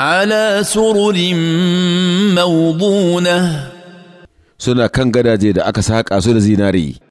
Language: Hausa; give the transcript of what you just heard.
Ana سرر maubuna. suna kan gadaje da aka saƙa su da zinari